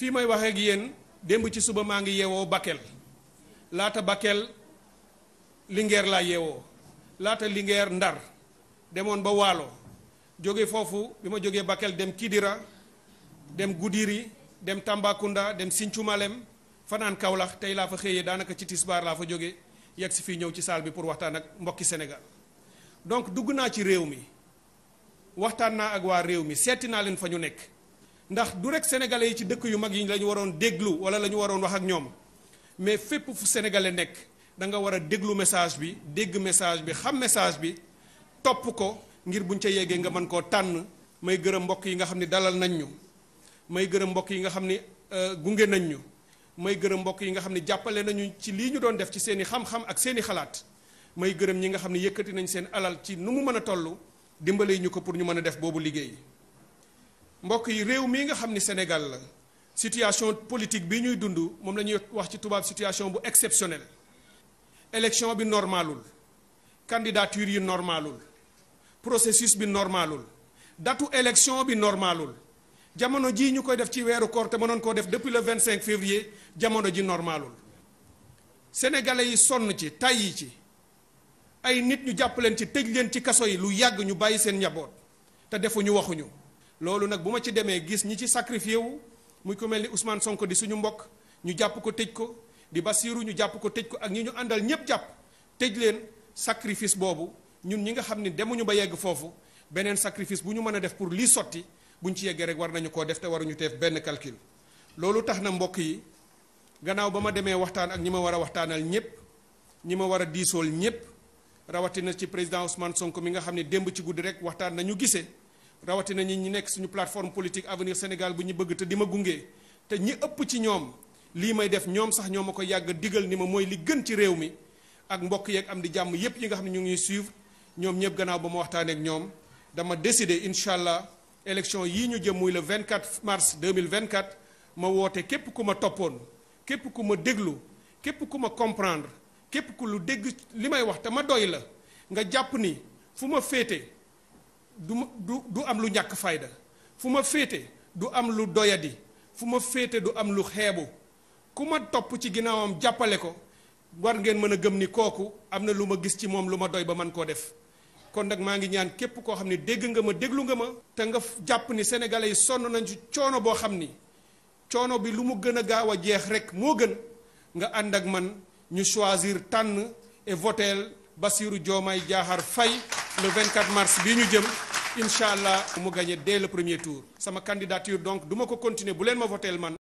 fii may waxee ak yéen démb ci suba maa ngi yeewoo Bakel laata Bakel Linguère laa yeewoo laata Linguère Ndar demoon ba Waalo jóge foofu bi ma jógee Bakel dem Kidira dem Goudiri dem Tambacounda dem Sinthiou Malem fanaan Kaolack tey laa fa xëyee daanaka ci tisbaar laa fa jóge yegsi si fii ñëw ci saal bi pour waxtaan ak mbokki senegal donc dugg naa ci réew mi waxtaan naa ak waa réew mi seeti naa leen fa ñu nekk. ndax du rek sénégalais yi ci dëkk yu mag yi la ñu waroon déglu wala la ñu waroon wax ak ñoom mais fépp fu sénégalais nekk da nga war a déglu message bi dégg message bi xam message bi topp ko ngir buñ ca yeggee nga mën koo tànn may gërëm mbokk yi nga xam ne dalal nañ ñu may gërëm mbokk yi nga xam ne euh, gunge nañ ñu may gërëm mbokk yi nga xam ne jàppale nañu ci lii ñu doon def ci seen i xam-xam ak seen xalaat may gërëm ñi nga xam ne yëkkati nañ seen alal ci nu mu mën a tollu dimbale ñu ko pour ñu mën a def boobu liggéey mbokk yi réew mii nga xam ni Sénégal la situation politique bi ñuy dund moom la ñuy wax ci tubaab situation bu exceptionnelle élection bi normalul candidature yi normalul processus bi normalul datu élection bi normalul jamono jii ñu koy def ci weeru koor te noon koo def depuis le 25 février jamono ji normalul sénégalais yi sonn ci tàyyi ci ay nit ñu jàpp leen ci tëj leen ci kaso yi lu yàgg ñu bàyyi seen njaboot te defuñu waxuñu loolu nag bu ma ci demee gis ñi ci sacrifié wu muy ku mel ni Ousmane Sonko di suñu mbokk ñu jàpp ko tëj ko di Bassirou ñu jàpp ko tëj ko ak ñi ñu àndal ñépp jàpp tëj leen sacrifice boobu ñun ñi nga xam ne demuñu ba yegg foofu beneen sacrifice bu ñu mën a def pour lii sotti buñ ci yeggee rek war nañu koo def te ñu teef benn calcul loolu tax na mbokk yi gannaaw ba ma demee waxtaan ak ñi ma war a waxtaanal ñépp ñi ma war a diisool ñépp rawatina ci président Ousmane Sonko mi nga xam ne démb ci guddi rek waxtaan nañu gisee rawatina ñi ñi nekk suñu plateforme politique avenir Sénégal bu ñu bëgg te di ma gunge te ñi ëpp ci ñoom lii may def ñoom sax ñoo ma ko yàgg digal ni ma mooy li gën ci réew mi ak mbokk yeeg am di jàmm yépp yi nga xam ne ñu ngi suivre ñoom ñëpp gannaaw ba ma waxtaanee ak ñoom dama décider incha allah élection yii ñu jëm muy le 24 mars 2024 ma woote képp ku ma toppoon képp ku ma déglu képp ku ma comprendre képp ku lu dégg li may wax te ma doy la nga jàpp ni fu ma féete. du du du am lu ñàkk fayda fu ma féete du am lu doyadi fu ma féete du am lu xeebu ku ma topp ci ginnaawam jàppale ko war ngeen mën a gëm ni kooku am na lu ma gis ci moom lu ma doy ba man koo def kon nag maa ngi ñaan képp koo xam ne dégg nga ma déglu nga ma te nga jàpp ni sénégalais yi sonn nañ ci coono boo xam ni coono bi lu mu gën a gaaw a jeex rek moo gën nga ànd ak man ñu choisir tànn et voter Bassirou Diomaye fay Faye le 24 mars bi ñu jëm incha allah mu gagné dès le premier tour sama candidature donc du ko continuer bu leen ma voteel man